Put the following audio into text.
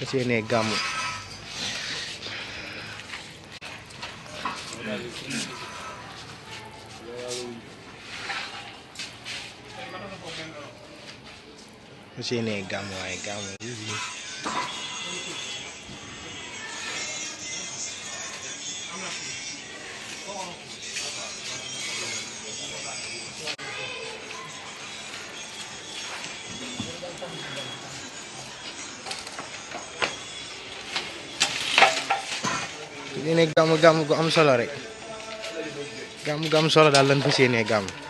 Kasi yun eh, gamo. Kasi yun eh, gamo ay gamo. Easy. ini gam gam gam solarik gam gam solar dalam pesi ini gam